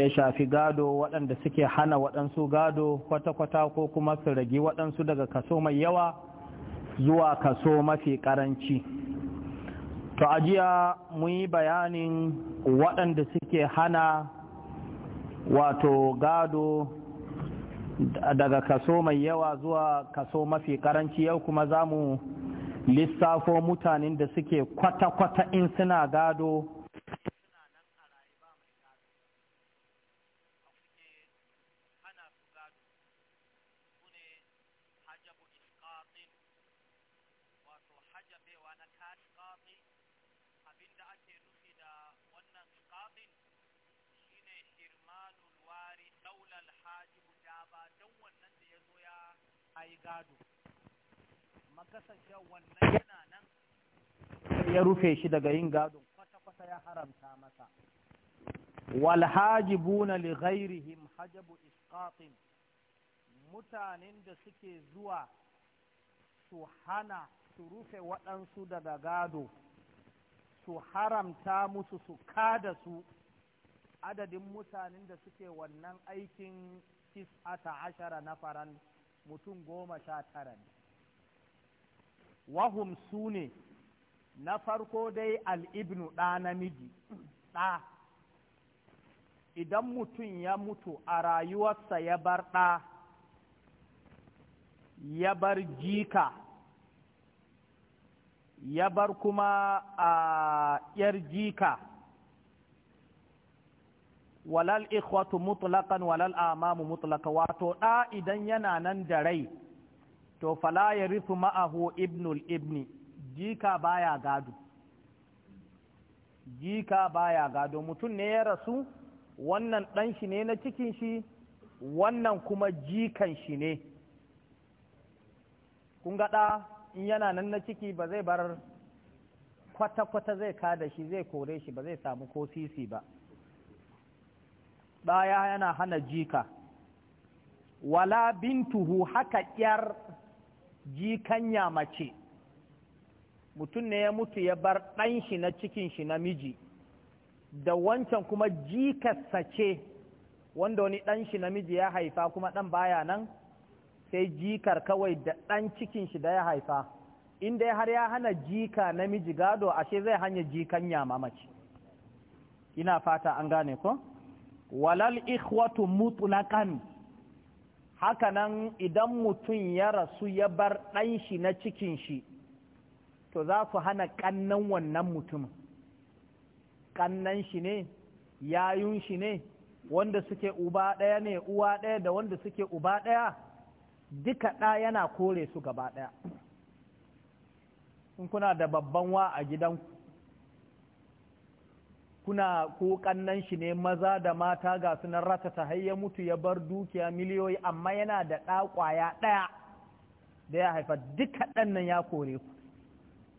ya shafi gado waɗanda suke hana waɗansu gado kwata-kwata ko kuma su ragi waɗansu daga kaso mai yawa zuwa kaso mafi ƙaranci to ajiya mun yi bayanin waɗanda suke hana wato gado daga kaso mai yawa zuwa kaso mafi ƙaranci yau kuma za mu lissafo mutanen da suke kwata-kwata in suna gado gado amma kasancewa wannan yana nan ya rufe shi daga yin gado kwata-kwata ya haramta masa wal hajibuna li ghairihim hajabu isqatin mutanen da suke zuwa su hana su rufe waɗansu daga gado su haramta musu su kada su adadin mutanen da suke wannan aikin 19 ashara na faran mutum goma sha tara ne wahum su ne na farko dai al'ibnu ɗa namiji ɗa idan mutum ya mutu a rayuwarsa ya bar ɗa ya bar jika ya bar kuma a ‘yar jika’ walal ikhwatu mutlaqan walal amamu mutlaqa wato da idan yana nan da rai to fala yarithu ma'ahu ibnul ibni jika baya gado jika baya gado mutum ne ya rasu wannan dan shi ne na cikin shi wannan kuma jikan shi ne kun ga da in yana nan na ciki ba zai bar kwata-kwata zai kada shi zai kore shi ba zai samu ko sisi ba ɗaya yana hana jika wala bintuhu haka ƙyar jikanya mace mutum ne ya mutu ya bar ɗan shi na cikin shi namiji da wancan kuma jikarsa ce wanda wani ɗan shi namiji ya haifa kuma ɗan baya nan sai jikar kawai da ɗan cikin shi da ya haifa inda har ya hana jika namiji gado ashe zai hanya jikan yama mace ina fata an gane ko? walal ikhwatu mutlaqan hakanan idan mutum ya rasu ya bar ɗan shi na cikin shi to za su hana ƙannan wannan mutumin ƙannan shi ne yayun shi ne wanda suke uba ɗaya ne uwa ɗaya da wanda suke uba ɗaya duka ɗa yana kore su gaba ɗaya in kuna da babban wa a gidanku kuna ko nan shi ne maza da mata ga sunan rata ta hayya mutu ya bar dukiya miliyoyi amma yana da ɗakwaya ɗaya da ya haifa duka ɗan nan ya kore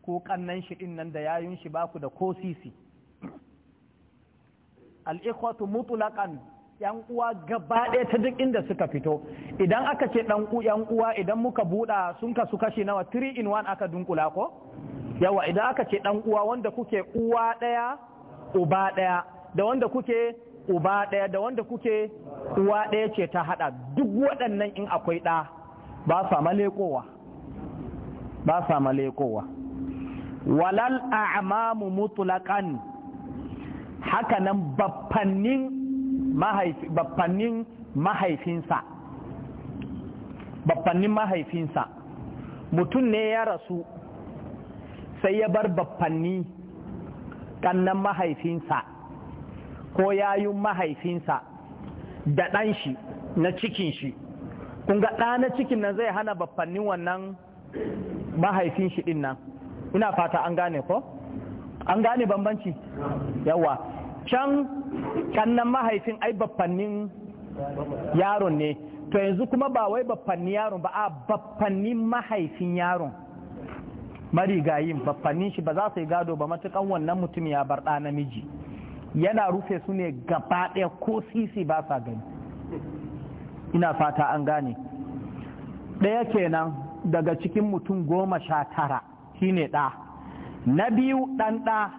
ku ko nan shi ɗin nan da yayun shi baku da ko sisi al'ikwatu mutulakan yan uwa gaba ɗaya ta duk inda suka fito idan aka ce ɗan yan uwa idan muka buɗa sun kasu kashi nawa 3 in 1 aka dunkula ko yawa idan aka ce ɗan uwa wanda kuke uwa ɗaya uba ɗaya da wanda kuke uba ɗaya da wanda kuke uwa ɗaya ce ta haɗa duk waɗannan in akwai ɗa ba sa malekowa ba sa malekowa walal a'mamu mutlaqan haka nan mahaifinsa baffannin mahaifinsa mutum ne ya rasu sai ya bar baffanni ƙannan mahaifinsa ko yayun mahaifinsa da ɗan shi na cikin shi kun ga ɗa na cikin nan zai hana baffannin wannan mahaifin shi ɗin nan ina fata an gane ko an gane bambanci yawa can kannan mahaifin ai baffannin yaron ne to yanzu kuma ba wai baffannin yaron ba a baffannin mahaifin yaron marigayin babbanin shi ba za su yi gado ba matukan wannan mutum ya bar ɗa namiji yana rufe su ne gaba ɗaya ko sisi ba sa gani ina fata an gane ɗaya kenan daga cikin mutum goma sha tara shine ɗa na biyu ɗan ɗa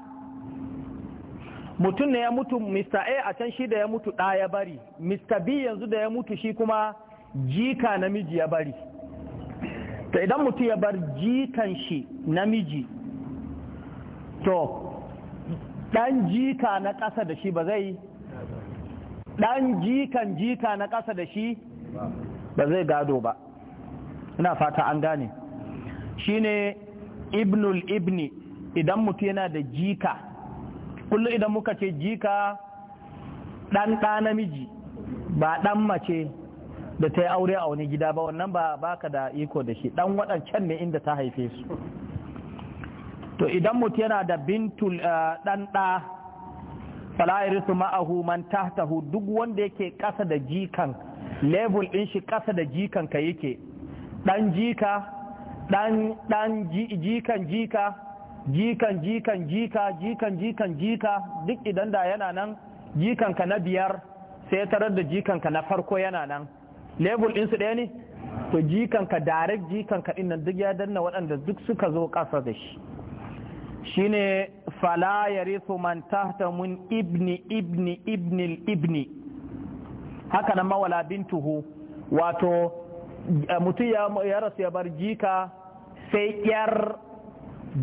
mutum ne ya mutu mr a a can shi da ya mutu ɗa ya bari mr b yanzu da ya mutu shi kuma jika namiji ya bari to idan mutum ya bar jikan shi namiji to dan jika na ƙasa da shi ba zai dan jikan jika na ƙasa da shi ba zai gado ba ina fata an gane shine ibnul ibni idan mutum yana da jika kullum idan muka ce jika ɗan ɗa namiji ba ɗan mace da ta yi aure a wani gida ba wannan ba baka da iko da shi dan waɗancan ne inda ta haife su to idan mutum yana da bintul dan eh, ɗa su ma'ahu man tahtahu duk wanda yake ƙasa da jikan level ɗin shi kasa da jikan ka yake ɗan jika dan jikan jika jikan jikan jika jikan jikan jika duk idan da yana nan jikan ka na biyar sai tarar da ka na farko yana nan level ɗinsu ɗaya ne to jikanka direct jikanka ɗin nan duk ya danna waɗanda duk suka zo ƙasa da shi ne fala ya man tahta mun ibni ibni ibni ibni haka nan mawala bintuhu wato mutum ya rasu ya bar jika sai yar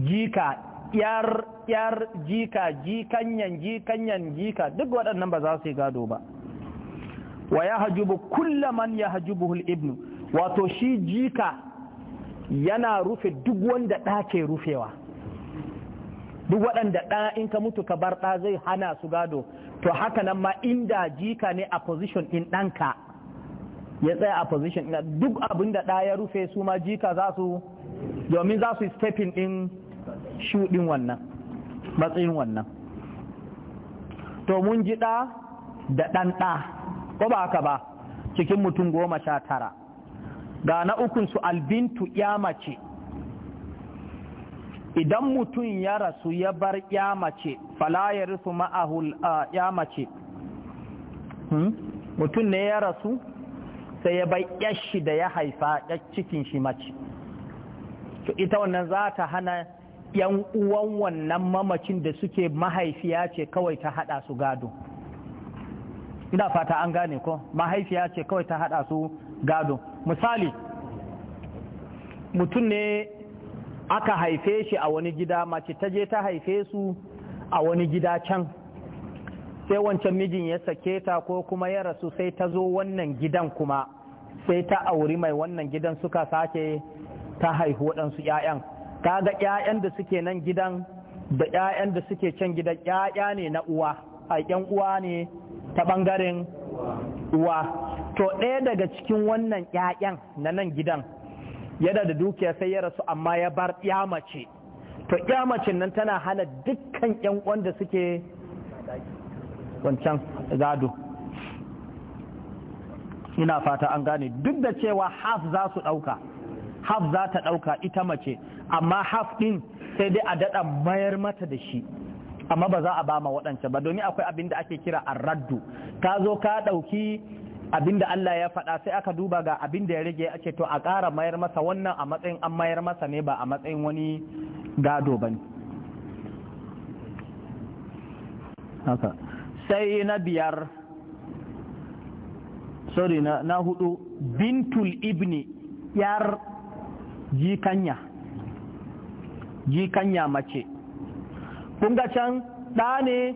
jika yar yar jika jikanyan jikanyan jika duk waɗannan ba za su yi gado ba wa ya hajubu kulla man ya hajubu ibnu wato shi jika yana rufe duk wanda ɗa ke rufewa duk waɗanda ɗa in ka mutu ka bar ɗa zai hana su gado to haka nan ma inda jika ne a position ɗin ɗanka ya tsaya a position ɗin duk abin da ɗa ya rufe su ma jika za su domin za su stepping ɗin shuɗin wannan matsayin wannan to mun ji ɗa da ɗan ɗa ko ba haka ba cikin mutum goma sha tara ga na ukunsu albintu ya mace idan mutum ya rasu ya bar ya mace fala ya ma'ahul ya mace hmm? mutum ne ya rasu sai ya bai yashi da ya haifa ya cikin shi mace to ita wannan za ta hana yan uwan wannan mamacin da suke mahaifiya ce kawai ta haɗa su gado ina fata an gane ko mahaifiya ce kawai ta hada su gado misali mutum ne aka haife shi a wani gida mace ta je ta haife su a wani gida can sai wancan mijin ya sake ta ko kuma ya rasu sai ta zo wannan gidan kuma sai ta auri mai wannan gidan suka sake ta haihu waɗansu 'ya'yan kaga 'ya'yan da suke nan gidan da 'ya'yan da suke can gidan 'ya'ya ne na uwa a yan uwa ne ta ɓangaren uwa to ɗaya daga cikin wannan ƴaƴan na nan gidan yana da dukiya sai ya rasu amma ya bar ya mace to ya nan tana hana dukkan ƴan uwan da suke wancan gado ina fata an gane duk da cewa haf za su ɗauka haf za ta ɗauka ita mace amma haf ɗin sai dai a daɗa mayar mata da shi amma ba za a ba ma waɗancan ba domin akwai abin da ake kira arraddu ka zo ka ɗauki abin da Allah ya faɗa sai aka duba ga abin da ya rage ake ce to a ƙara mayar masa wannan a matsayin an mayar masa ne ba a matsayin wani gado ba ne sai na biyar sorry na, na hudu bintul ibni yar jikanya jikanya mace kun ga can ɗa ne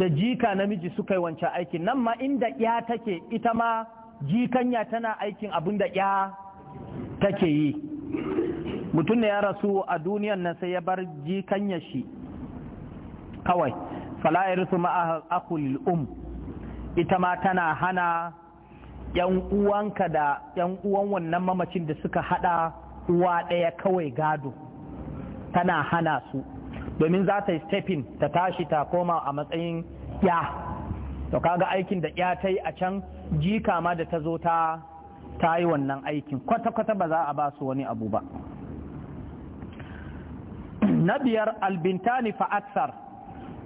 da jika namiji suka yi wancan aikin nan ma inda ya take ita ma jikanya tana aikin abin da ya take yi mutum ne ya rasu a duniyan nan sai ya bar jikanya shi kawai fala'ir su ma'akulil um ita ma tana hana yan uwanka da yan uwan wannan mamacin da suka hada uwa ɗaya kawai gado tana hana su domin za ta yi stepping ta tashi ta koma a matsayin ya to kaga aikin da ya ta yi a can jika ma da ta zo ta ta yi wannan aikin kwata-kwata ba za a ba su wani abu ba na biyar albintani fa'atsar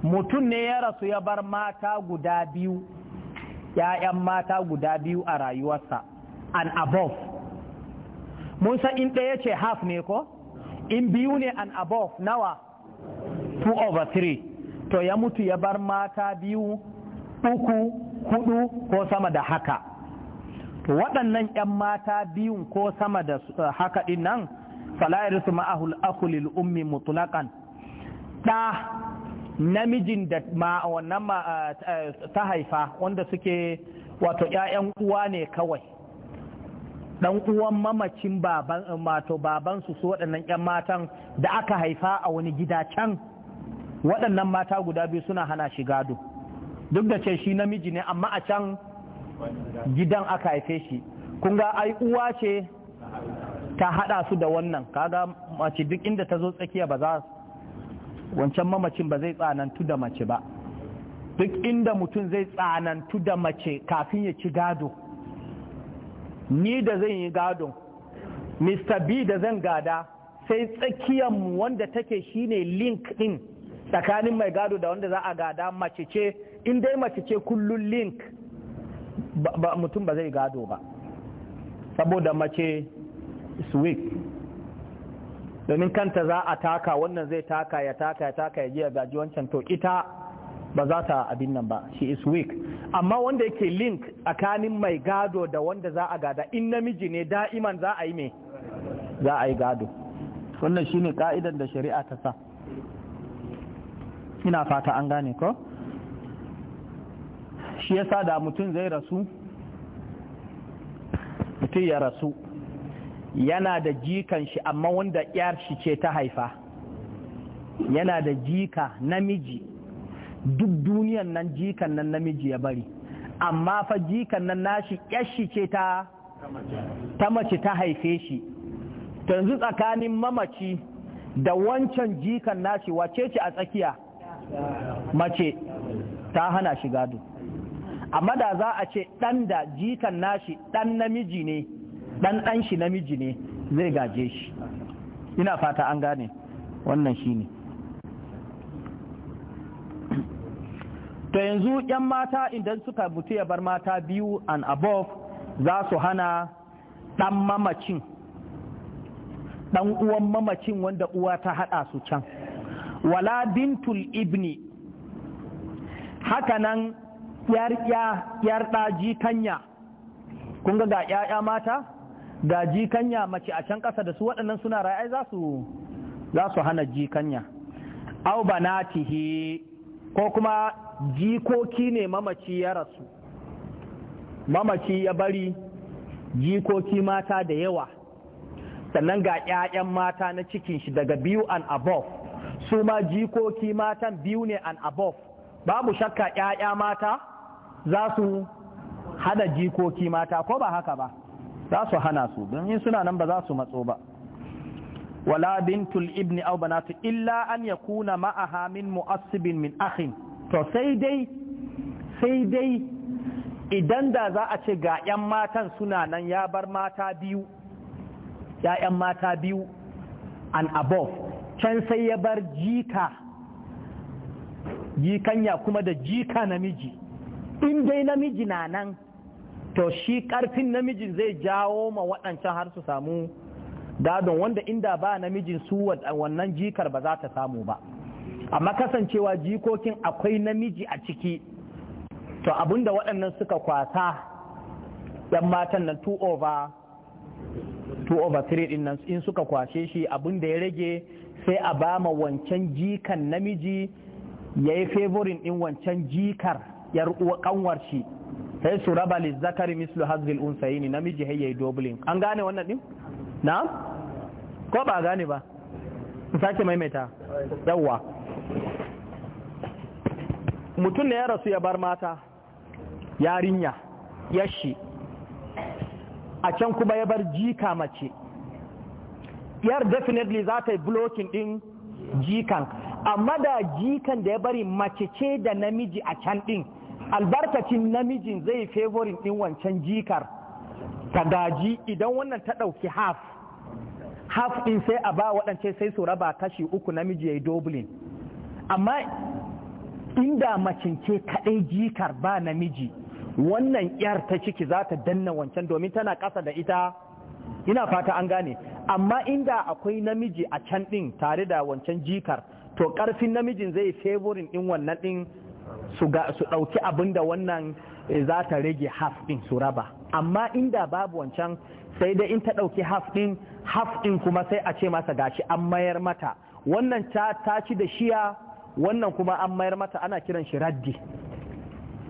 mutum ne ya rasu ya bar mata guda biyu ‘ya'yan mata guda biyu a rayuwarsa an above mun san in ɗaya ce half ne ko in biyu ne an above nawa 2 over 3 to ya mutu ya bar mata biyu uku hudu ko sama da haka to waɗannan 'yan mata biyun ko sama da eh, haka ɗin nan falayar su ma'ahul akulil ummi mutulakan ɗa namijin da wannan eh, eh, ta haifa wanda suke wato 'ya'yan uwa ne kawai ɗan uwan mamacin baban baban su su waɗannan 'yan matan da aka haifa a wani gida can waɗannan mata guda biyu suna hana shi gado duk da ce shi namiji ne amma a can gidan aka haife shi kun ga ai uwa ce ta haɗa su da wannan kaga mace duk inda ta zo tsakiya ba za wancan mamacin ba zai tsanantu da mace ba duk inda mutum zai tsanantu da mace kafin ya ci gado ni da zan yi gado mr b da zan gada sai tsakiyanmu wanda take shine link din tsakanin mai gado da wanda za a gada mace ce in dai mace ce kullum link mutum ba zai gado ba saboda mace sweet domin kanta za a taka wannan zai taka ya taka ya taka ya je ya gaji wancan to ita ba za ta abin nan ba shi is weak amma wanda yake link tsakanin mai gado da wanda za a gada in namiji ne da'iman za a yi me za a yi gado wannan shine ka'idan da shari'a ta sa ina fata an gane ko shi yasa da mutum zai rasu mutum ya rasu yana da jikan shi amma wanda yar shi ce ta haifa yana da jika namiji duk duniyan nan jikan nan namiji ya bari amma fa jikan nan nashi shi ce ta ta mace ta haife shi yanzu tsakanin mamaci da wancan jikan nashi wace ce a tsakiya mace ta hana shi gado amma da za a ce dan da jikan nashi dan namiji ne dan dan shi namiji ne zai gaje shi ina fata an gane wannan shi ne to yanzu 'yan mata idan suka mutu ya bar mata biyu and above za su hana dan mamacin ɗan uwan mamacin wanda uwa ta hada su can wala bintul ibni hakanan yar ɗa jikanya kun ga ‘ya'ya mata ga jikanya mace a can ƙasa da su waɗannan suna ra'ai za su hana jikanya au banatihi ko kuma jikoki ne mamaci ya rasu mamaci ya bari jikoki mata da yawa sannan ga ‘ya'yan mata na cikin shi daga biyu and above su ma jikoki matan biyu ne an above babu shakka ‘ya'ya mata za su hana jikoki mata ko ba haka ba za su hana su don yin suna nan ba za su matso ba wala bintul ibni aw banatu illa an yakuna ma'aha min mu'assibin min akhin to sai dai sai dai idan da za a ce ga 'yan matan suna nan ya bar mata biyu ‘ya'yan mata biyu an above can sai ya bar jika jikanya kuma da jika namiji in dai namiji na nan to shi karfin namijin zai jawo ma waɗancan har su samu dadon wanda inda ba namijin su wannan jikar ba za ta samu ba amma kasancewa jikokin akwai namiji a ciki to abinda waɗannan suka kwasa yan matan nan 2 over three in suka kwashe shi abinda ya rage sai a ba ma wancan jikan namiji ya yi favorin ɗin wancan jikar ya kanwar shi sai su raba zakari mislu hazil unsayini namiji ya yi doblin an gane wannan ɗin na ko ba gane ba sake maimaita yawwa mutum ne ya rasu ya bar mata yarinya yashi a can kuma ya bar jika mace yar definitely za ta yi blocking din jikan amma da jikan da ya bari mace ce da namiji a can din albarkacin namijin zai favorin din wancan jikar ta gaji idan wannan ta ɗauki half half din sai a ba waɗance sai su raba kashi uku namiji ya yi dublin amma inda macin ce kaɗai jikar ba namiji wannan yar ta ciki za ta danna wancan domin tana ƙasa da ita ina fata an gane amma inda akwai namiji a can ɗin tare da wancan jikar to karfin namijin zai favorin ɗin wannan ɗin su ɗauki abin da wannan eh, za ta rage half ɗin su raba amma inda babu wancan sai dai in ta ɗauki half ɗin half ɗin kuma sai a ce masa gashi an mayar mata wannan ta ci da shiya wannan kuma an mayar mata ana kiran shi raddi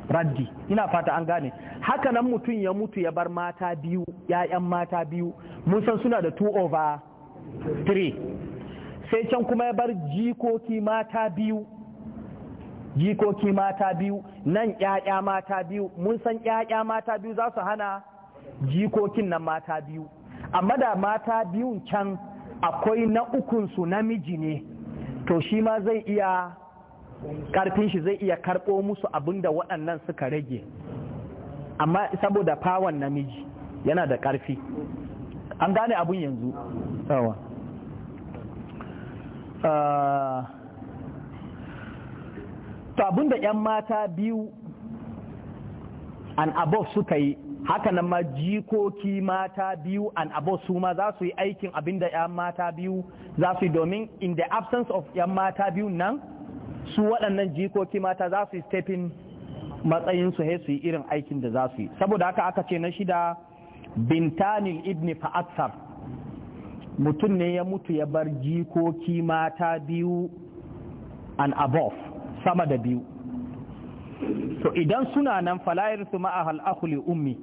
raddi ina fata an gane haka nan mutum ya mutu ya bar mata biyu ya'yan mata biyu mun san suna da 2 over 3 sai can kuma ya bar jikoki mata biyu jikoki mata biyu nan ƴaƴa mata biyu mun san ƴaƴa mata biyu za su hana jikokin nan mata biyu amma da mata biyun can akwai na ukunsu namiji ne to shi ma zai iya karfin shi zai iya karɓo musu abin da waɗannan suka rage amma saboda fawon namiji yana da ƙarfi an gane abun yanzu yawa ah, to da 'yan mata biyu an above suka yi hakanan ma jikoki mata biyu an above su ma za su yi aikin da 'yan mata biyu za su yi domin in the absence of 'yan mata biyu nan su waɗannan jikoki mata za su yi stepping matsayinsu su yi irin aikin da za su yi saboda haka aka ce na shida bintanil ibni fa'atsar mutum ne ya mutu ya bar jikoki mata biyu an above sama da biyu to idan suna nan falayar su ma'ahal akuli ummi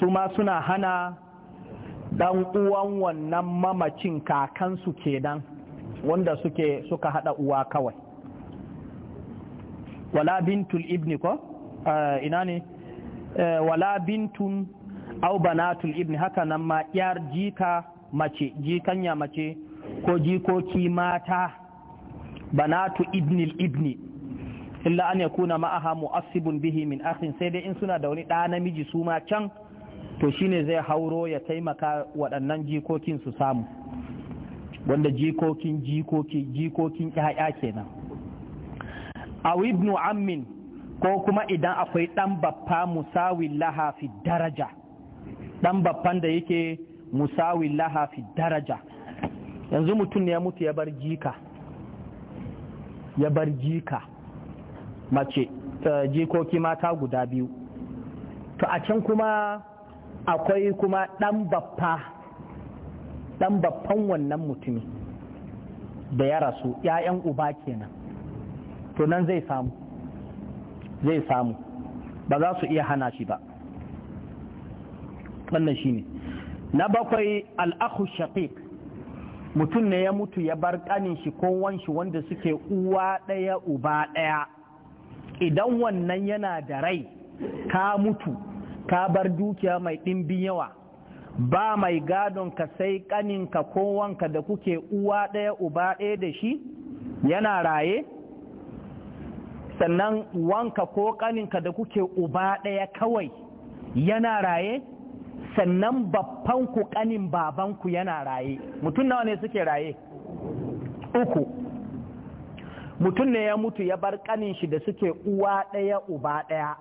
su ma suna hana dan uwan wannan mamacin kakansu kenan wanda suke suka hada uwa kawai wala bintul ibni ko eh, ina ne eh, wala bintun au banatul ibni haka nan ma yar jika mace jikanya mace ko jikoki mata banatu ibnil ibni illa an yakuna ma'aha mu'assibun bihi min akhin sai dai in suna da wani ɗa namiji su ma can to shine zai hauro ya taimaka waɗannan jikokin su samu wanda jikokin jikoki jikokin ƴaƴa kenan aw ibnu ammin ko kuma idan akwai ɗan baffa musawil laha fi daraja dan babban da yake musawin fi daraja yanzu mutum ne ya mutu ya bar jika ya bar jika mace eh, jikoki mata guda biyu to a can kuma akwai kuma dan babba dan babban wannan mutumi da ya rasu ‘ya'yan uba kenan to nan zai samu zai samu ba za su iya hana shi ba wannan ne na bakwai al'akhu shaqiq mutum ne ya mutu ya bar ƙanin shi ko wanshi wanda suke uwa ɗaya uba ɗaya idan wannan yana da rai ka mutu ka bar dukiya mai ɗimbin yawa ba mai gadon ka sai kaninka ko wanka da kuke uwa ɗaya uba ɗaya da shi yana raye sannan wanka ko kaninka da kuke uba ɗaya kawai yana raye sannan babbanku kanin babanku yana raye mutum nawa ne suke raye uku mutum ne ya mutu ya bar kanin shi da suke uwa ɗaya uba ɗaya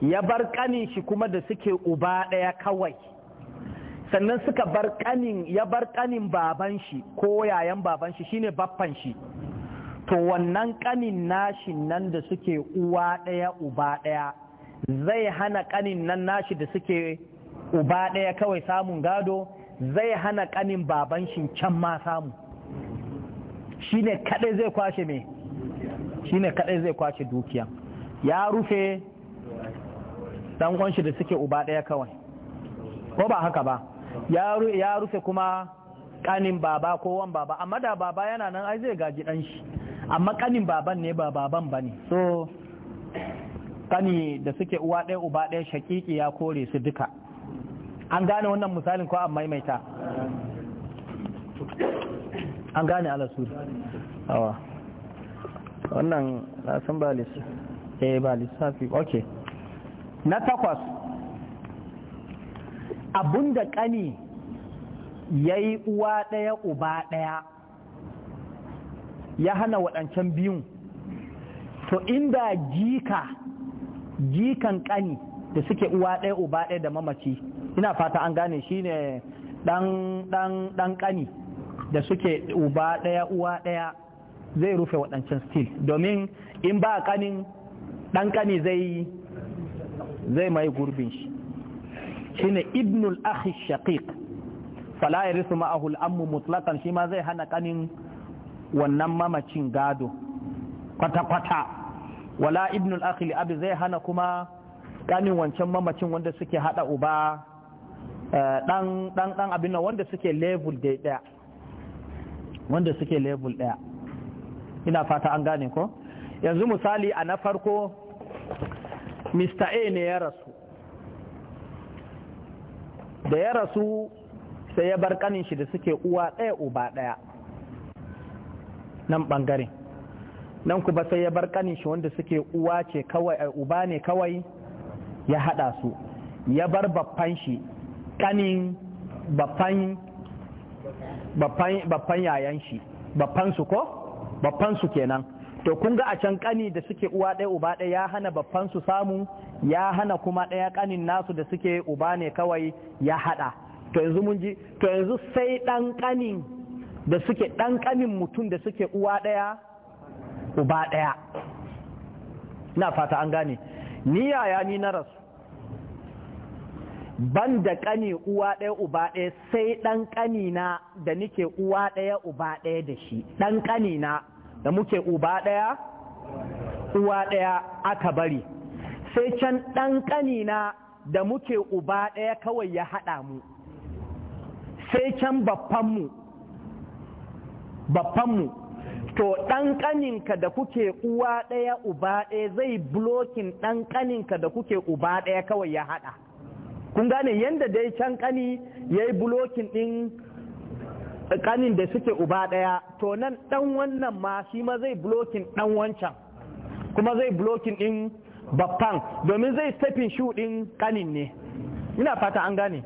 ya bar kanin shi kuma da suke uba ɗaya kawai sannan suka bar kanin ya bar kanin baban shi ko yayan baban shi shine baffan shi to wannan kanin nashi nan da suke uwa ɗaya uba ɗaya zai hana kanin nan nashi da suke uba ɗaya kawai samun gado zai hana kanin baban shi can ma samu shine kadai zai kwashe me shine kadai zai kwashe dukiya ya rufe dan shi da suke uba ɗaya kawai ko ba haka ba ya rufe kuma kanin baba ko wan baba amma da baba yana nan ai zai gaji dan shi amma kanin baban ne ba baban bane so kani da suke uwa ɗaya uba ɗaya shakiki ya kore su duka an gane wannan misalin ko an maimaita an gane su awa wannan lasan ba eh ba lissafi ok na takwas abinda ƙani ya yi uwa ɗaya uba ɗaya ya hana waɗancan biyun to inda jika jikan kani da suke uwa ɗaya uba ɗaya da mamaci ina fata an gane shine ne ɗan kani da suke uba ɗaya uwa ɗaya zai rufe waɗancan stil domin in ba kanin ɗan kani zai zai mai gurbin shi shine ibnul akhi shaqiq fala yarisu ma'ahu al-ammu shi ma zai hana ƙanin wannan mamacin gado kwata-kwata wala ibn al-akhi abi zai hana kuma kanin wancan mamacin wanda suke hada uba eh, dan dan dan abin nan wanda suke level daya wanda suke level daya ina fata an gane ko yanzu misali a na farko Mr. A ne ya rasu da ya rasu sai ya bar kanin shi da suke uwa ɗaya uba ɗaya nan ɓangaren nan ku ba sai ya bar kanin shi wanda suke uwa ce kawai eh, uba ne kawai ya hada su ya bar babban shi kanin babban babban yayan shi babban su ko babban su kenan to kun ga a can kani da suke uwa ɗaya uba ɗaya ya hana babban su samu ya hana kuma ɗaya kanin nasu da suke uba ne kawai ya hada to yanzu mun ji to yanzu sai ɗan kanin da suke dan kanin mutum da suke uwa ɗaya uba ɗaya na fata an gane ni yaya ni na rasu ban da ƙani uwa ɗaya uba ɗaya sai ɗan ƙani na da nike uwa ɗaya uba ɗaya da shi ɗan ƙani na da muke uba ɗaya uwa ɗaya aka bari sai can ɗan ƙani na da muke uba ɗaya kawai ya haɗa mu sai can babbanmu babbanmu to ɗan ƙaninka da kuke uwa ɗaya uba ɗaya zai blokin ɗan ƙaninka da kuke uba ɗaya kawai ya haɗa kun gane yadda dai can ƙani ya yi blokin ɗin ƙanin da suke uba ɗaya to nan ɗan wannan ma shi ma zai blokin ɗan wancan kuma zai blokin ɗin babban domin zai stepin shu ɗin ƙanin ne ina fata an gane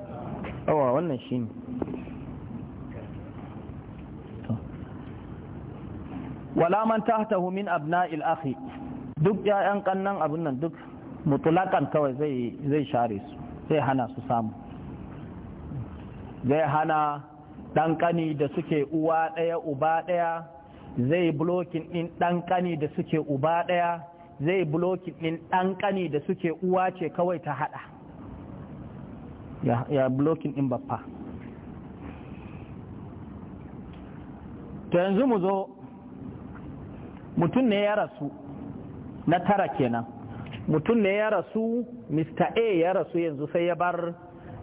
wannan shi ne wala man tahtahu min abna'il akhi duk yayan kannan abun nan duk mutulakan kawai zai zai share su zai hana su samu zai hana ɗanƙani da suke uwa ɗaya uba ɗaya zai blokin ɗin ɗanƙani da suke uba ɗaya zai blokin ɗin ɗanƙani da suke uwa ce kawai ta haɗa ya, blocking blokin ɗin baffa yanzu mu zo mutum ne ya rasu na tara kenan mutum ne ya rasu mr a ya rasu yanzu sai ya bar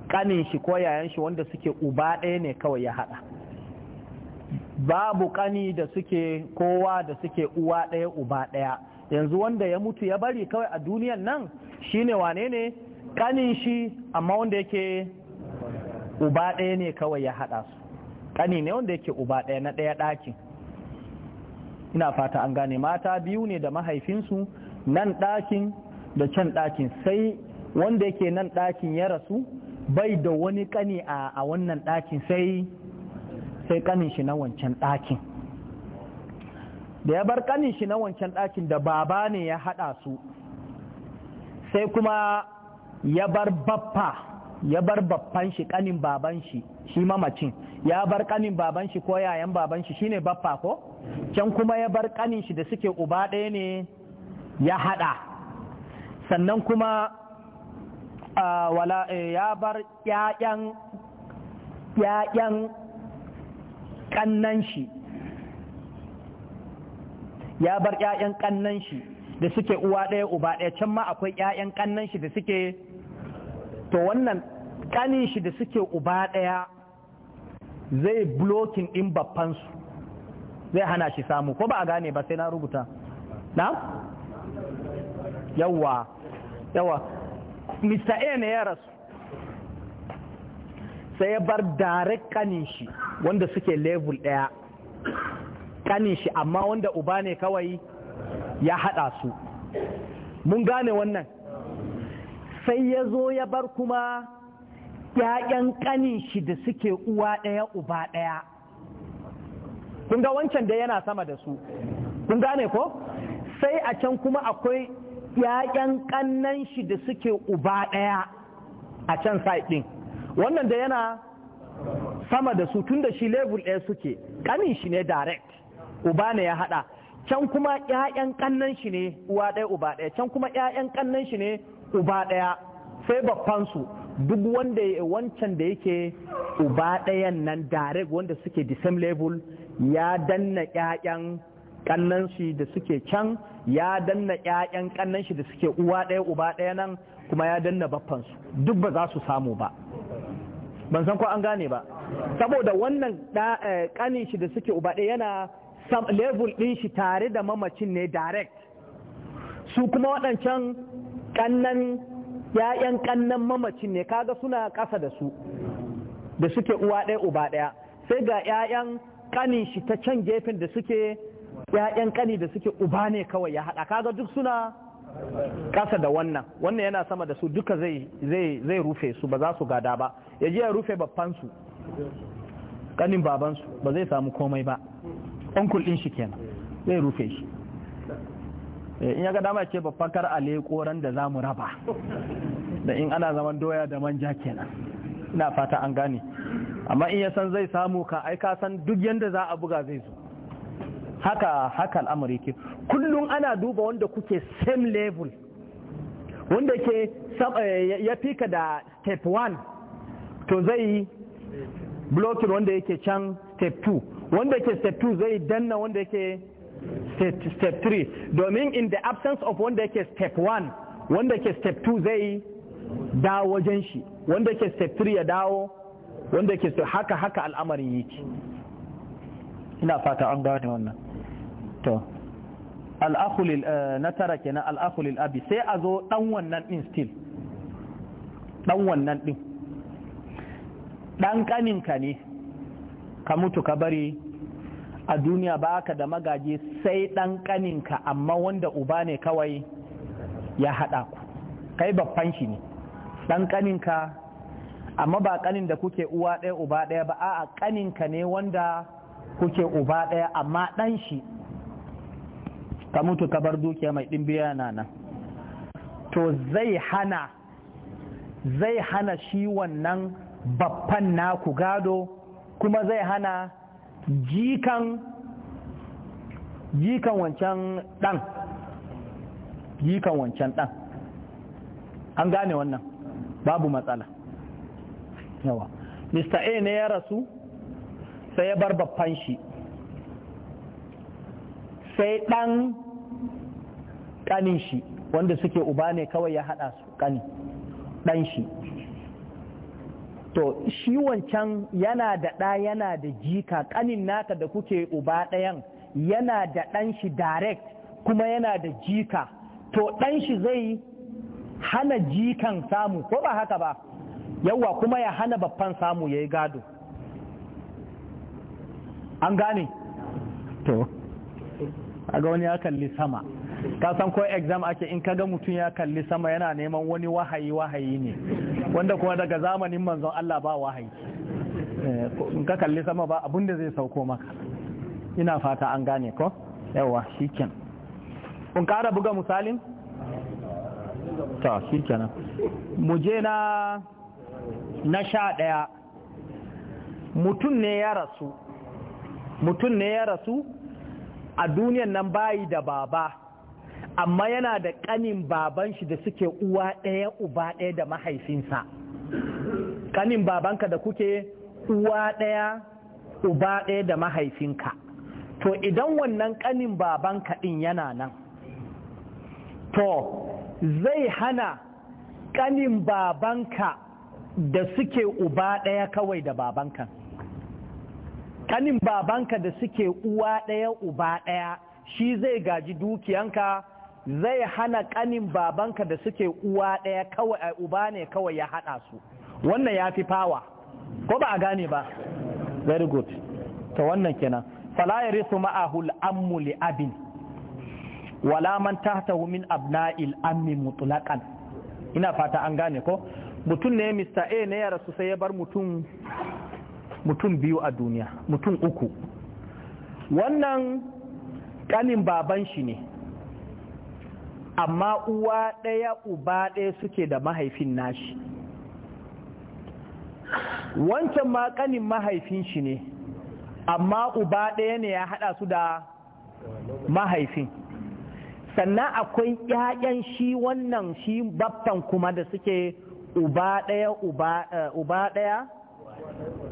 kanin shi ko yayan shi wanda suke uba ɗaya ne kawai ya haɗa babu kani da suke kowa da suke uwa ɗaya uba ɗaya yanzu wanda ya mutu ya bari kawai a duniyan nan shine wane ne kanin shi amma wanda yake uba ɗaya ne kawai ya haɗa su kani ne wanda yake uba ɗaya na ɗaya ɗakin ina fata an gane mata biyu ne da mahaifinsu nan ɗakin da can ɗakin sai wanda yake nan ɗakin ya rasu bai da wani ƙani a wannan ɗakin sai sai ƙanin shi na wancan ɗakin da ya bar ƙanin shi na wancan ɗakin da baba ne ya haɗa su sai kuma ya bar baffa ya bar baffan shi ƙanin baban shi shi mamacin ya bar ƙanin baban shi ko yayan baban shi shine baffa ko can kuma ya bar kanin shi da suke uba ɗaya ne ya haɗa sannan kuma e, ya bar ‘ya'yan ƙannan shi ya bar ƴaƴan ƙannan shi da suke uwa ɗaya uba ɗaya can ma akwai ƴaƴan ƙannan shi da suke to wannan ƙanin shi da suke uba ɗaya zai blokin ɗin babbansu zai hana shi samu ko ba a gane ba sai na rubuta na? yawa yawa mr a ne ya rasu sai ya bar direct kanin shi wanda suke level daya kanin shi amma wanda uba ne kawai ya hada su mun gane wannan sai ya zo ya bar kuma ‘ya'yan kanin shi da suke uwa ɗaya uba ɗaya kun ga wancan da yana sama da su kun gane ko sai a can kuma akwai ‘ya'yan ƙannan shi da suke uba ɗaya a can ɗin wannan da yana sama da su tun shi level ɗaya suke kanin shi ne direct uba ne ya haɗa can kuma ‘ya'yan ƙannan shi ne uwa ɗaya uba ɗaya can kuma ‘ya'yan ƙannan shi ne uba ɗaya sai su duk wanda wancan da yake uba ɗayan nan direct wanda suke the same level ya danna ƴaƴan kannan shi da suke can ya danna ƴaƴan kannan shi da suke uwa ɗaya uba ɗaya nan kuma ya danna baffan su duk ba za su samu ba ban san ko an gane ba saboda wannan kanin eh, shi da suke uba ɗaya yana level ɗin shi tare da mamacin ne direct su kuma waɗancan kannan ‘ya'yan ƙannan mamacin ne kaga suna ƙasa da su da suke uwa ɗaya uba ɗaya sai ga ‘ya'yan kanin shi ta can gefen da suke ‘ya'yan kani da suke uba ne kawai ya haɗa kaga duk suna kasa da wannan wannan yana sama da su duka zai rufe su ba za su gada ba ya ji ya rufe su kanin babansu ba zai samu komai ba onkul ɗin shi kenan zai rufe shi eh, in ya ga dama ce babban kar ale koran da za mu raba da in ana zaman doya da manja kenan ina fata an gane amma in ya san zai samu ka ai ka san duk yanda za a buga zai zo haka haka al'amari ke kullum ana duba wanda kuke same level wanda ke eh, ya fika da step 1 to zai blocking wanda yake can step 2 wanda ke step 2 zai danna wanda yake step 3 domin in the absence of wanda yake step 1 wanda ke step 2 zai dawo wajen shi wanda ke step 3 ya dawo wanda ke so haka haka al'amarin yake ina fata an gane wannan to al'akhul eh, na tara kenan al'akhul abi sai a zo dan wannan din still dan wannan din dan ka ne ka mutu ka bari a duniya ba ka da magaji sai dan ka amma wanda uba ne kawai ya haɗa ku kai babban shi ne dan kaninka amma ba kanin da kuke uwa ɗaya uba ɗaya ba a kanin ka ne wanda kuke uba ɗaya amma ɗan shi ka mutu ka bar dukiya mai ɗimbiya na nan to zai hana zai hana shi wannan babban naku gado kuma zai hana jikan jikan wancan ɗan jikan wancan ɗan an gane wannan babu matsala yawa mr a ne ya rasu sai ya bar babban shi sai ɗan ƙanin shi wanda suke uba ne kawai ya haɗa su ƙani ɗan shi to shi wancan yana da ɗa yana da jika ƙanin naka da kuke uba ɗayan yana da ɗan shi direct kuma yana da jika to ɗan shi zai hana jikan samu ko ba haka ba yawa kuma ya hana babban samu ya yi gado an gane to ga wani ya kalli sama ka san ko exam ake in kaga mutum ya kalli sama yana neman wani wahayi wahayi ne wanda kuma daga zamanin manzon Allah ba wahayi eh, in ka kalli sama ba abinda zai sauko maka ina fata an gane ko yawa shiken kun kara buga misalin ta shikenan mu je na na sha ɗaya mutum ne ya rasu mutum ne ya rasu a duniyan nan bayi da baba amma yana da ƙanin baban shi da suke uwa ɗaya uba ɗaya da mahaifinsa ƙanin babanka da kuke uwa ɗaya uba ɗaya da mahaifinka to idan wannan ƙanin babanka ɗin yana nan to zai hana ƙanin babanka da suke uba ɗaya kawai da babanka kanin babanka da suke uwa ɗaya uba ɗaya shi zai gaji dukiyanka zai hana kanin babanka da suke uwa ɗaya kawai uba ne kawai ya haɗa su wannan ya fi fawa ko ba a gane ba very good ta wannan kenan fala ya risu ma'ahul ammu li abin wala man tahtahu min abna'il ammi mutlaqan ina fata an gane ko mutum ne mr a ne ya rasu sai ya bar mutum biyu a duniya mutum uku wannan kanin baban shi ne amma uwa ɗaya uba ɗaya suke da mahaifin nashi wancan ma kanin mahaifin shi ne amma uba ɗaya ne ya haɗa su da mahaifin sannan akwai 'ya'yan shi wannan shi babban kuma da suke uba ɗaya eh, uba ɗaya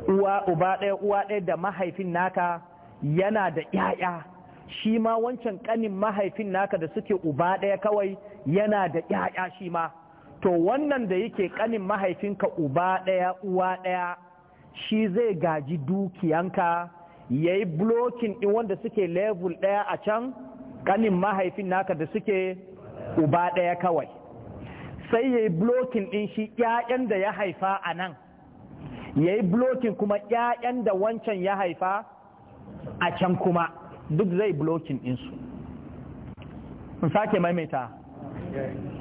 uwa uba ɗaya uwa ɗaya da mahaifin naka yana da ƴaƴa shi ma wancan ƙanin mahaifin naka da suke uba ɗaya kawai yana da ƴaƴa shi ma to wannan da yake ƙanin mahaifinka uba ɗaya uwa ɗaya shi zai gaji dukiyanka ya yi blokin ɗin wanda suke level ɗaya a can ƙanin mahaifin naka da suke uba ɗaya kawai sai ya yi blokin ɗin shi ‘ya'yan da ya haifa a nan ya yi blokin kuma ‘ya'yan da wancan ya haifa a can kuma duk zai blokin ɗinsu in sake maimaita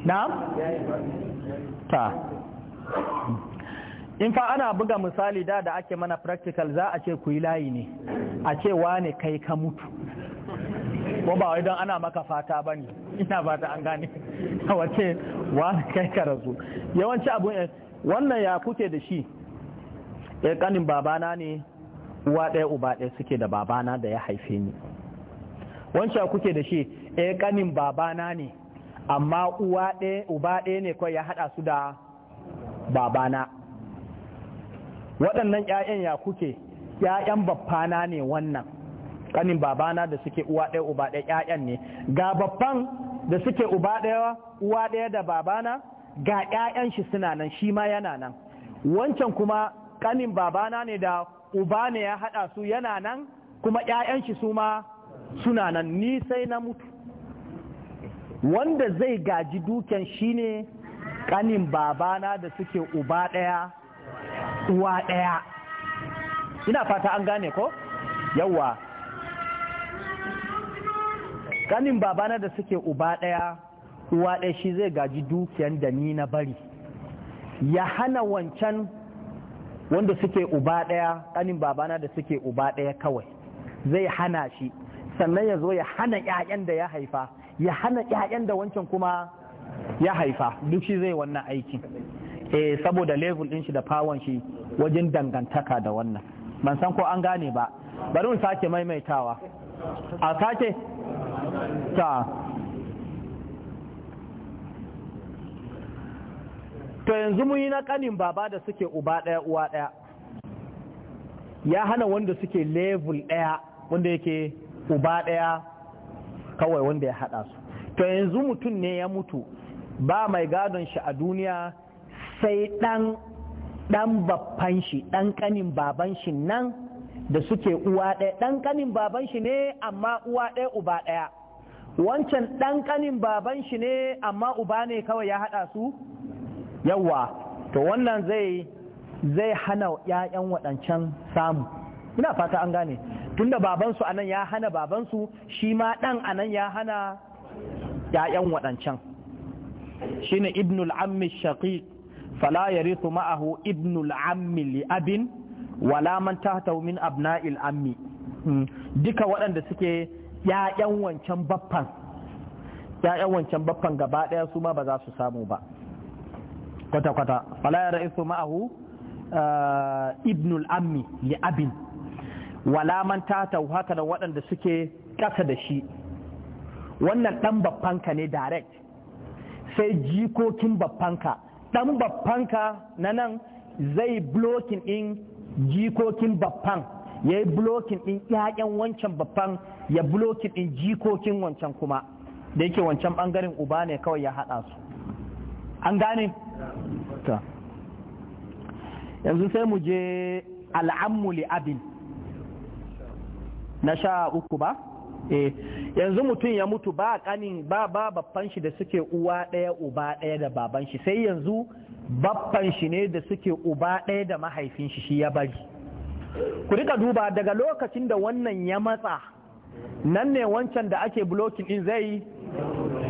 na? ta in fa ana buga misali da da ake mana practical za a ce ku yi layi ne a ce wane kai ka mutu ko ba wai don ana maka fata ba ne ina ba ta an gane wace wa kai ka rasu yawanci abu eh, wannan ya kuke da shi ya eh, kanin babana ne uwa ɗaya uba ɗaya suke da babana da ya haife ni wancan kuke da shi ya eh, kanin babana ne amma uwa ɗaya uba ɗaya ne kawai ya haɗa su da babana waɗannan ‘ya'yan ya kuke ‘ya'yan babbana ne wannan ƙanin babana da suke uwa ɗaya uba ɗaya ‘ya'yan ne ga babban da suke uba ɗaya uwa ɗaya da babana ga 'ya'yan shi suna nan shi ma yana nan wancan kuma ƙanin babana ne da uba ne ya haɗa su yana nan kuma 'ya'yan shi su ma suna nan ni sai na mutu wanda zai gaji duken ne ƙanin babana da suke uba ɗaya uwa ɗaya ina fata an gane ko yawwa kanin babana da suke uba ɗaya uwa ɗaya shi zai gaji dukiyan da ni na bari ya hana wancan wanda suke uba ɗaya kanin babana da suke uba ɗaya kawai zai hana shi sannan ya zo ya hana ƴaƴan da ya haifa ya hana ƴaƴan da wancan kuma ya haifa duk shi zai wannan aiki. eh saboda level ɗin shi da fawon shi wajen dangantaka da wannan ban san ko an gane ba bari mu sake maimaitawa a sake ta to yanzu mun yi na kanin baba da suke uba ɗaya uwa ɗaya ya hana wanda suke level ɗaya wanda yake uba ɗaya kawai wanda ya haɗa su to yanzu mutum ne ya mutu ba mai gadon shi a duniya sai ɗan dan babban shi ɗan kanin baban shi nan da suke uwa ɗaya ɗan ƙanin baban shi ne amma uwa ɗaya uba ɗaya wancan ɗan ƙanin baban shi ne amma uba ne kawai ya haɗa su yawa to wannan zai zai hana ‘ya'yan waɗancan samu ina fata an gane tunda babansu a nan ya hana babansu shi ma ɗan anan ya hana ‘ya'yan waɗancan shine ibnul ammi shaqiq fala yarithu ma'ahu ibnul ammi abin wala man tahtahu min abna'il ammi hmm. duka waɗanda suke ya'yan wancan baffan ya'yan wancan baffan gaba ɗaya su ma ba za su samu ba kwata kwata wala ya ra'isu ma'ahu eh, ibnul ammi li abin wala man tahtahu haka da waɗanda suke ƙasa da shi wannan ɗan baffanka ne direct sai jikokin baffanka, ɗan baffanka na nan zai blocking in. jikokin babban ya yi blokin ɗin ƴaƴan wancan babban ya blokin ɗin jikokin wancan kuma da yake wancan ɓangaren uba ne kawai ya haɗa su an gane? yanzu sai mu je al'amuli abin na sha uku ba? e yanzu mutum ya mutu ba kanin ba ba babban shi da suke uwa ɗaya uba ɗaya da baban shi sai yanzu babban shi ne da suke uba ɗaya da mahaifin shi ya bari ku rika duba daga lokacin da wannan ya matsa nan ne wancan da ake blocking ɗin zai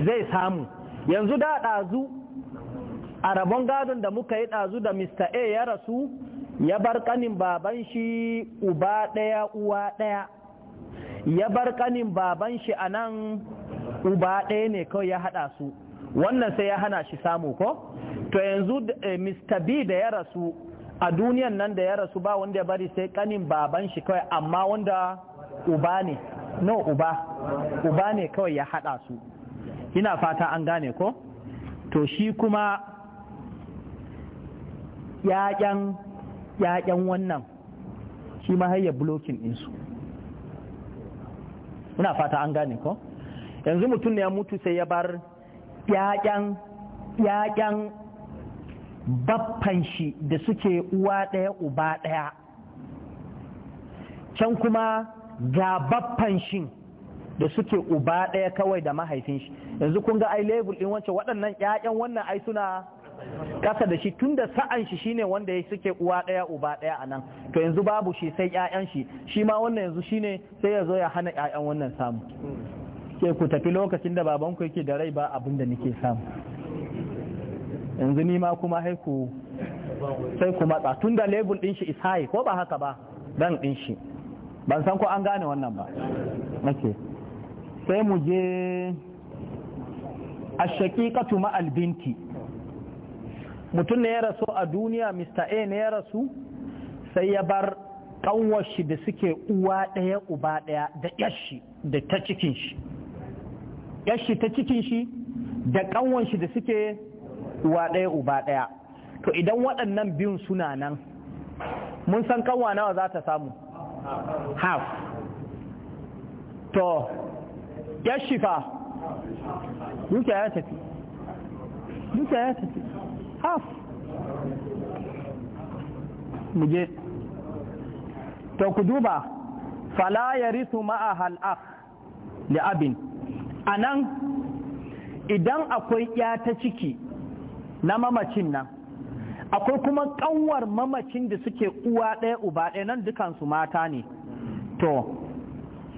zai samu yanzu da ɗazu a rabon gadon da muka yi ɗazu da mr a ya rasu ya bar ƙanin baban shi uba ɗaya uwa ɗaya ya bar ƙanin baban shi a nan uba ɗaya ne kawai ya haɗa su wannan sai ya hana shi samu ko to yanzu eh, Mr. B da ya rasu a duniyan nan da ya rasu ba wanda ya bari sai kanin baban shi kawai amma wanda uba ne no uba uba ne kawai ya hada su ina fata an gane ko to shi kuma yayan yayan wannan shi ma har ya blocking din su ina fata an gane ko yanzu mutum ne ya mutu sai ya bar Yayan ƴaƴan baffan shi da suke uwa ɗaya uba ɗaya can kuma ga baffan shi da suke uba ɗaya kawai da mahaifin shi yanzu kun ga ai lebur ɗin wancan waɗannan ƴaƴan wannan ai suna ƙasa da shi tun da sa'an shi shine wanda ya suke uwa ɗaya uba ɗaya a nan to yanzu babu shi sai ƴaƴan shi shi ma wannan yanzu shine sai ya zo ya hana ƴaƴan wannan samu ke ku tafi lokacin da babanku yake da rai ba abin da nake samu yanzu ni ma kuma haiku sai ku matsa tun da label din shi is ko ba haka ba dan din shi ban san ko an gane wannan ba okay sai mu je a Ma'al Binti, mutum ne ya rasu a duniya Mr. A ne ya rasu sai ya bar kanwar shi da suke uwa ɗaya uba ɗaya da yashi da ta cikin shi yashi ta cikin shi da ƙanwan shi da suke uwa ɗaya uba ɗaya to idan waɗannan biyun suna nan mun san kanwa nawa za ta samu half to yashi fa duka ya tafi duka ya tafi half muje to ku duba fala ya yarithu ma'a halak li abin a nan idan akwai ya ta ciki na mamacin nan akwai kuma ƙanwar mamacin da suke uwa ɗaya uba ɗaya nan dukansu mata ne to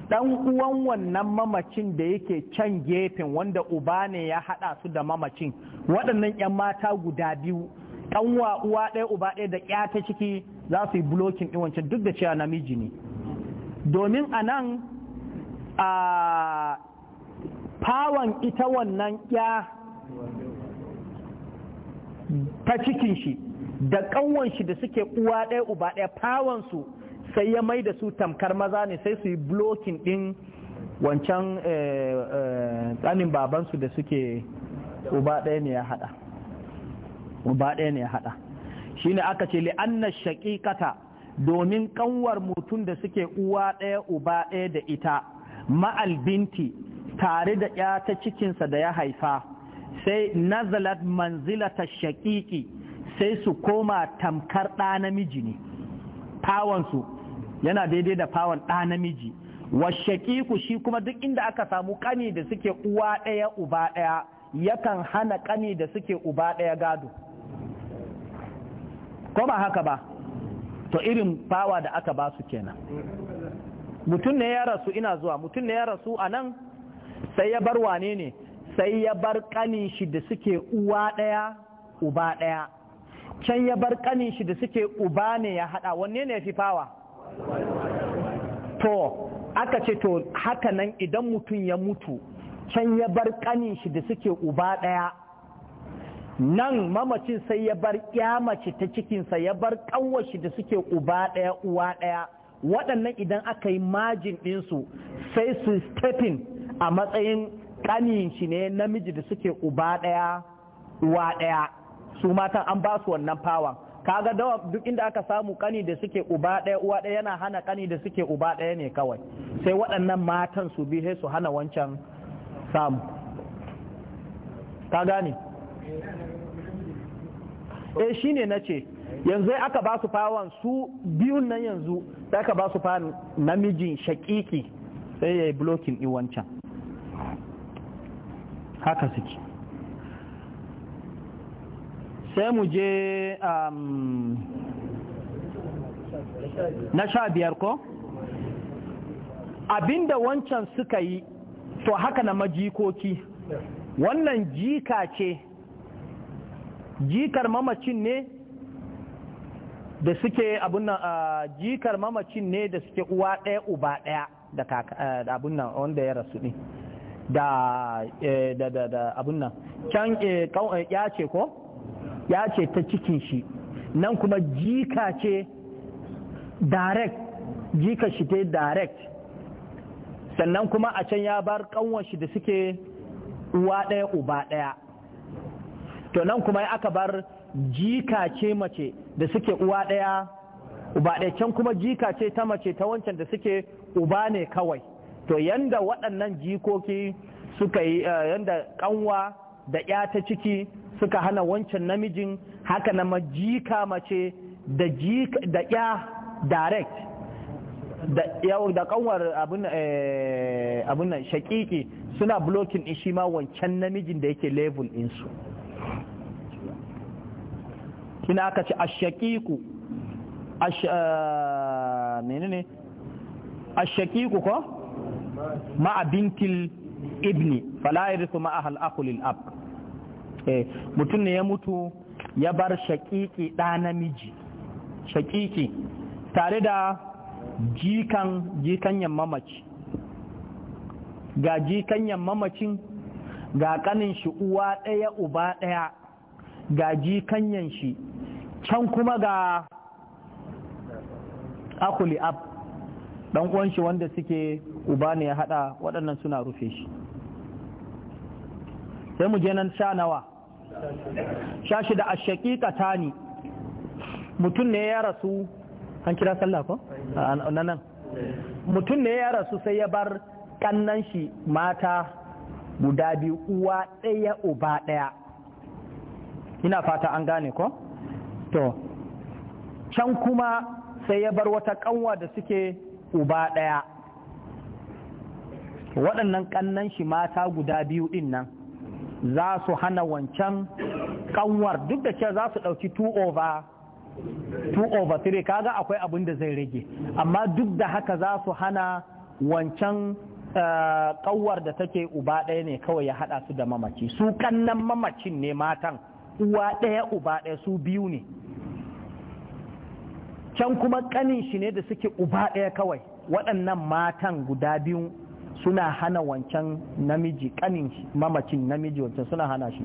ɗan uwan wannan mamacin da yake can gefen wanda uba ne ya haɗa su da mamacin waɗannan 'yan mata guda biyu ɗanwa uwa ɗaya uba ɗaya da ƙya ta ciki za su yi bulokin ɗiwancin duk da cewa namiji ne domin a nan fawon ita wannan ya ta cikin shi da ƙanwon shi da suke uwa ɗaya uba ɗaya fawon su sai ya mai da su tamkar maza ne sai su yi blokin ɗin wancan tsanin eh, eh, babansu da suke uba ɗaya ne ya haɗa uba ɗaya ne ya haɗa shi ne aka ce li'annar shaƙiƙata domin ƙanwar mutum da suke uwa ɗaya uba ɗaya da ita ma'al binti tare da ya ta cikinsa da ya haifa sai nazalat manzilata shaƙiƙi sai su koma tamkar ɗa namiji ne Pawansu yana daidai da fawon ɗa namiji wa shaƙiƙu shi kuma duk inda aka samu ƙani da suke uwa ɗaya uba ɗaya yakan hana ƙani da suke uba ɗaya gado ko ba haka ba to irin fawa da aka ba su kenan mutum ne ya rasu ina zuwa mutum ne ya rasu a nan sai ya bar wane ne sai ya bar ƙanin shi da suke uwa ɗaya uba ɗaya can ya bar ƙanin shi da suke uba ne ya haɗa, wanne ne ya fi fawa to aka ce to haka nan idan mutum ya mutu can ya bar ƙanin shi da suke uba ɗaya nan mamacin sai ya bar mace ta cikinsa ya bar shi da suke uba ɗaya uwa ɗaya waɗannan idan aka yi majin ɗinsu sai su stepin a matsayin ƙanin shi ne namiji da suke uba ɗaya uwa ɗaya su matan an ba su wannan fawan kaga dawa duk inda aka samu ƙani da suke uba ɗaya uwa ɗaya yana hana ƙani da suke uba ɗaya ne kawai sai waɗannan matan su bi su hana wancan samu ka gane eh shine na ce yanzu aka ba su fawan su biyun nan yanzu da aka ba su fawan namijin shaƙiƙi. sai ya yi blocking ɗin wancan haka suke sai mu je um, na sha biyar ko abinda wancan suka yi to haka na majikoki wannan jika ce jikar mamacin ne da suke abunan uh, jikar mamacin ne da suke uwa ɗaya uba ɗaya da uh, abunan wanda ya rasu ne Eh, da da abun nan can eh, eh, ya ce ko ya ce ta cikin shi nan kuma jika ce direct jika shi ta direct sannan kuma a can ya bar kanwan shi da suke uwa ɗaya uba ɗaya to nan kuma aka bar jika ce mace da suke uwa ɗaya uba ɗaya can kuma jika ce ta mace ta wancan da suke uba ne kawai to yanda waɗannan jikoki suka yi eh, yanda kanwa da ya ta ciki suka hana wancan namijin haka na majika mace da jika da ya direct da yawo da kanwar eh, shakiki suna blocking din shi ma wancan namijin da yake level din su kina aka ce ashakiku ash eh, menene ashakiku ko ma'a bintil ibni fala yarithu ma'a hal akhul ab mutum ne ya mutu ya bar shakiki ɗa namiji shakiki tare da jikan jikanyan mamaci ga jikanyan mamacin ga kanin shi uwa ɗaya uba ɗaya ga jikanyan shi can kuma ga akuli ab ɗan uwan shi wanda suke uba ne ya hada waɗannan suna rufe shi sai mu je nan sha nawa sha shida a shakika ni. mutum ne ya rasu an kira sallah ko nan mutum ne ya rasu sai ya bar kannan shi mata guda biyu uwa ɗaya uba ɗaya ina fata an gane ko to can kuma sai ya bar wata kanwa da suke uba ɗaya waɗannan ƙannan shi mata guda biyu ɗin nan za su hana wancan ƙanwar duk da cewa za su ɗauki 2 over 2 over 3 kaga akwai abin da zai rage amma duk da haka za su hana wancan eh, ƙanwar da take uba ɗaya ne kawai ya haɗa su da mamaci su ƙannan mamacin ne matan uwa ɗaya uba ɗaya su biyu ne can kuma ƙanin shi ne da suke uba ɗaya kawai waɗannan matan guda biyu suna hana wancan namiji kanin mamacin namiji wancan suna hana shi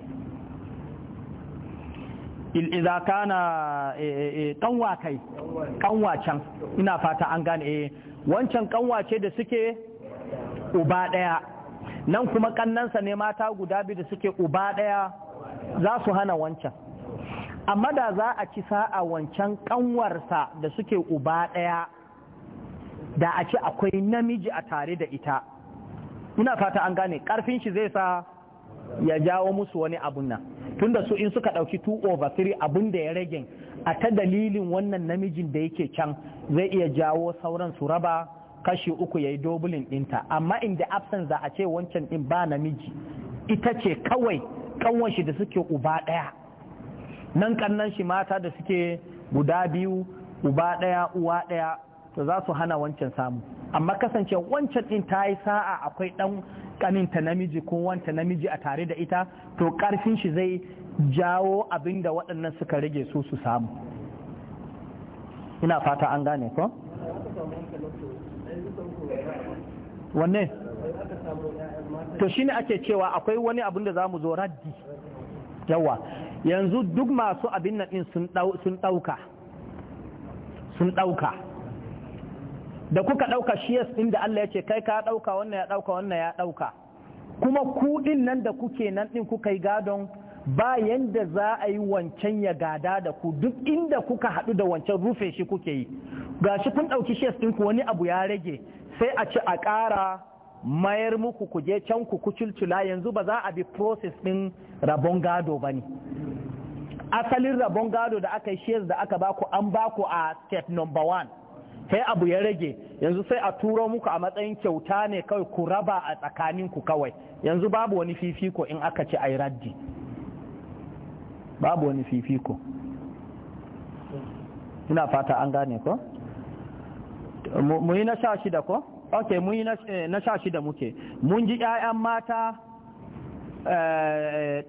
ka kana e, e, e, kanwa kai kanwa can ina fata an gane eh wancan kanwa ce da suke uba daya nan kuma kannansa ne mata guda biyu da suke uba daya za su hana wancan amma da za a ci sa'a wancan kanwarsa da suke uba daya da a ci akwai namiji a tare da ita ina fata an gane karfin shi zai sa ya jawo musu wani abun nan tunda su in suka dauki 2 over 3 abun da ya rage a ta dalilin wannan namijin da yake can zai iya jawo sauran su raba kashi uku yayi dobulin dinta amma in da absence za a ce wancan din ba namiji ita ce kawai kanwan shi da suke uba daya nan kannan shi mata da suke guda biyu uba daya uwa daya to za su hana wancan samu amma kasance wancan din ta yi sa'a akwai dan kaninta namiji ko wanta namiji a tare da ita to karfin shi zai jawo abin da waɗannan suka rage su su samu ina fata an gane ko wanne to shi ne ake cewa akwai wani abin da za mu zo raddi yawa yanzu duk masu abin nan sun ɗauka sun ɗauka da kuka ɗauka shi ɗin da Allah ya ce kai ka ɗauka wannan ya ɗauka wannan ya ɗauka kuma ku ɗin nan da kuke nan ɗin kuka yi gadon ba yanda za a yi wancan ya gada da ku duk inda kuka haɗu da wancan rufe shi kuke yi Ga shi kun ɗauki shiyas ɗin ku wani abu ya rage sai a ci a ƙara mayar muku ku je can ku kuculcula yanzu ba za a bi process ɗin rabon gado ba ne asalin rabon gado da aka yi shiyas da aka baku an baku a step number one sai abu ya rage yanzu sai a turo muku a matsayin kyauta ne kawai ku raba a tsakaninku kawai yanzu babu wani fifiko in aka ce ai raddi babu wani fifiko ina fata an gane ko mu yi na sha shida ko ok mu yi na eh, sha shida muke mun ji 'ya'yan mata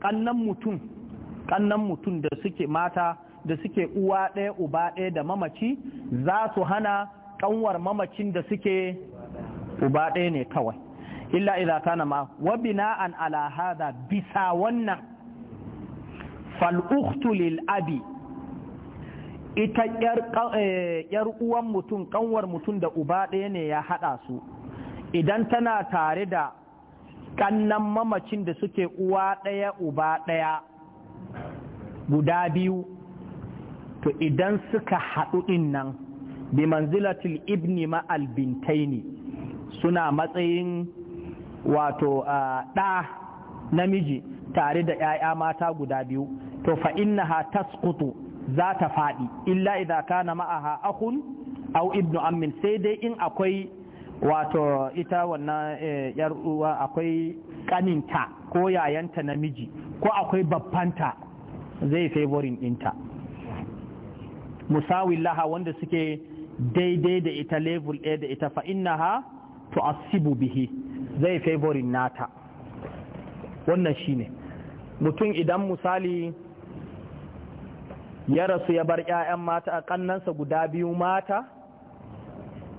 kannan eh, mutum kannan mutum da suke mata da suke uwa ɗaya uba ɗaya da mamaci za su hana ƙanwar mamacin da suke uba ɗaya ne kawai illa idza kana ma wa bina'an ala hada bisa wannan fal ukhtu abi ita yar eh, uwan mutum kanwar mutum da uba ɗaya ne ya haɗa su idan tana tare da ƙannan mamacin da suke uwa ɗaya uba ɗaya guda biyu to idan suka haɗu ɗin nan bi manzilatul ibni ma'al bintaini suna matsayin wato ɗa namiji tare da 'ya'ya mata guda biyu to fa innaha tasqutu za ta faɗi illa idza kana ma'aha akhun aw ibnu ammin sai dai in akwai wato ita wannan e, yar uwa akwai kaninta ko yayanta namiji ko akwai babbanta zai favorin ɗinta musawin laha wanda suke daidai da ita level ɗaya da ita ha, to asibu bihi zai favorin nata wannan shi ne. mutum idan misali ya rasu ya bar 'ya'yan mata a ƙannansa guda biyu mata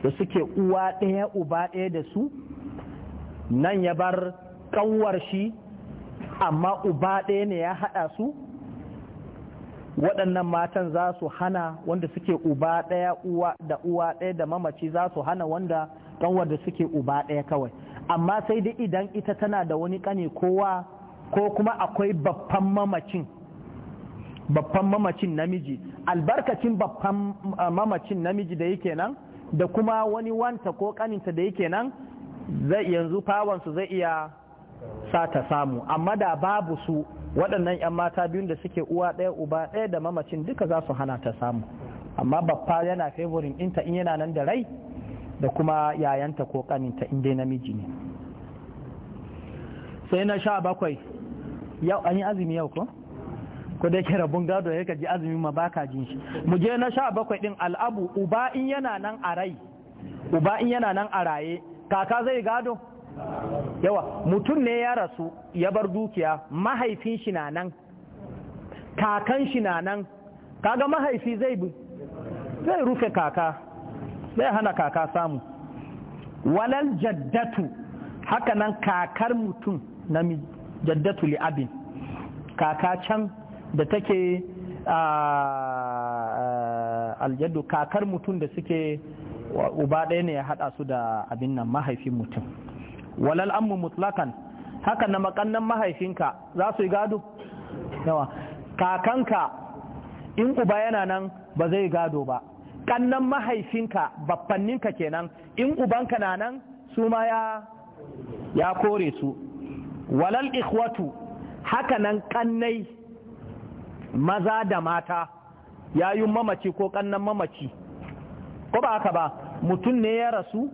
da suke uwa ɗaya uba ɗaya da su nan ya bar ƙanwar shi amma uba ɗaya ne ya haɗa su waɗannan matan za su hana wanda suke uba ɗaya uwa da uwa ɗaya da mamaci za su hana wanda ƙanwar da suke uba ɗaya kawai amma sai dai idan ita tana da wani ƙane kowa ko kuma akwai babban mamacin babban mamacin namiji albarkacin babban eh, mamacin namiji da yake nan da kuma wani wanta ko ƙaninta da yake nan yanzu fawansu zai iya sa ta samu amma da babu su waɗannan 'yan mata biyun da suke uwa ɗaya uba ɗaya da mamacin duka za su hana ta samu amma babba yana favorin ɗinta in yana nan da rai da kuma yayanta ko ƙaninta in dai namiji ne sai na sha bakwai yau an yi azumi yau ko ko da ke rabun gado ya ji azumi ma baka jin shi mu je na sha bakwai din al'abu uba in yana nan a rai uba in yana nan a raye kaka zai gado yawa mutum ne ya rasu ya bar dukiya mahaifin shi na nan kakan shi na nan kaga mahaifi zai bi zai rufe kaka zai hana kaka samu walal jaddatu haka nan kakar mutum na jaddatu li'abin kaka can da take aljaddu kakar mutum da suke uba ɗaya ne ya haɗa su da abin nan mahaifin mutum walal ammu mutlakan haka na makannan mahaifinka za su yi gado yawa kakanka in uba yana nan ba zai gado ba kannan mahaifinka bafanninka kenan in ubanka na nan su ma ya kore su walal ikhwatu haka nan kannai maza da mata yayun mamaci ko kannan mamaci ko ba haka ba mutum ne ya rasu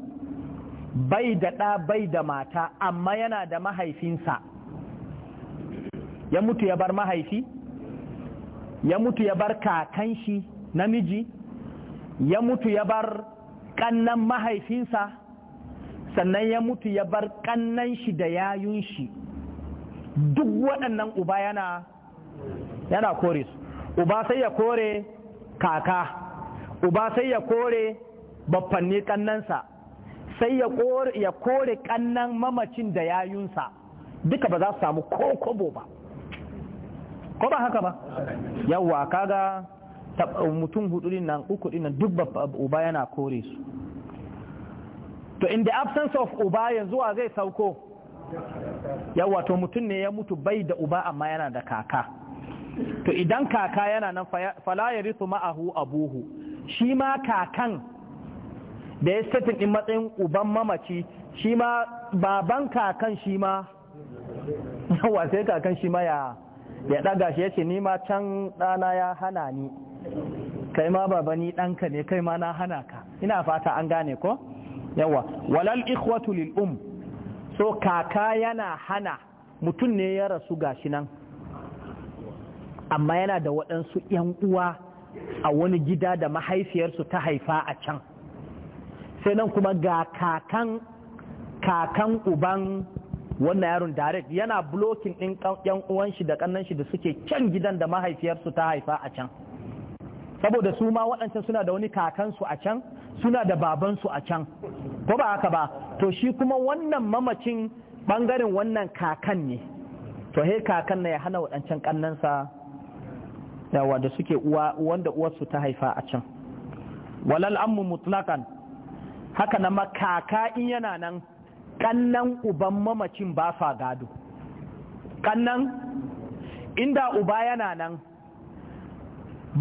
bai da ɗa bai da mata amma yana da mahaifinsa ya mutu ya bar mahaifi ya mutu ya bar kakan shi namiji ya mutu ya bar ƙannan mahaifinsa sannan ya mutu ya bar ƙannan shi da yayun shi duk waɗannan uba yana yana kore su uba sai ya kore kaka uba sai ya kore baffanni ƙannansa sai ya kore kannan mamacin da yayunsa duka ba za su samu ko kobo ba ko ba haka ba yawwa kaga mutum hudu din nan uku din nan duk uba yana kore su to in the absence of uba yanzu wa zai sauko yawwa to mutum ne ya mutu bai da uba amma yana da kaka to idan kaka yana nan fala ya risu ma'ahu abuhu shi ma kakan da ya statin din matsayin uban mamaci shi ma baban kakan shi ma yawa sai kakan shi ma ya ya daga shi yace ni ma can dana ya hana ni kai ma baba ni danka ne kai ma na hana ka ina fata an gane ko yawa walal ikhwatu lil um so kaka yana hana mutum ne ya rasu gashi nan amma yana da waɗansu 'yan uwa a wani gida da mahaifiyarsu ta haifa a can sai nan kuma ga kakan kakan uban wannan yaron direct yana blocking ɗin yan uwan shi da kannan shi da suke can gidan da mahaifiyarsu ta haifa a can saboda su ma waɗancan suna da wani kakansu a can suna da babansu a can ko ba haka ba to shi kuma wannan mamacin ɓangaren wannan kakan ne to he kakan na ya hana waɗancan kannansa yawa da suke uwa wanda uwarsu ta haifa a can walal ammu mutlaqan haka na makaka in yana nan kannan uban mamacin ba sa gado kannan inda uba yana nan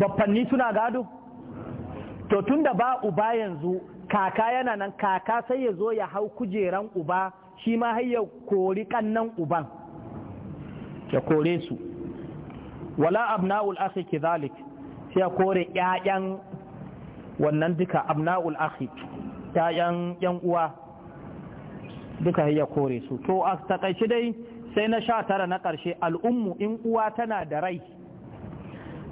baffanni suna gado to tunda ba uba yanzu kaka yana nan kaka sai ya zo ya hau kujeran uba shi ma har ya kori kannan uban ya kore su wala abna'ul akhi kidhalik sai ya kore ƴaƴan wannan duka abna'ul akhi 'ya'yan yan uwa duka ya kore su to a takaici dai sai na sha tara na ƙarshe al'ummu in uwa tana da rai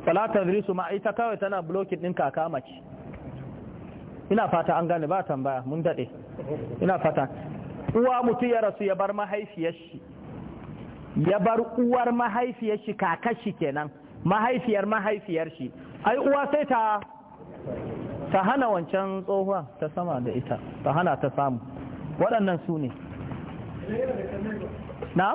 salatar risu ma ita kawai tana blokin ɗin kaka mace ina fata an gane ba tambaya mun daɗe ina fata uwa mutu ya rasu ya bar mahaifiyar shi ya bar uwar mahaifiyar shi kaka shi kenan mahaifiyar mahaifiyar shi ai uwa sai ta ta hana wancan tsohuwa ta sama da ita ta hana ta samu waɗannan su ne na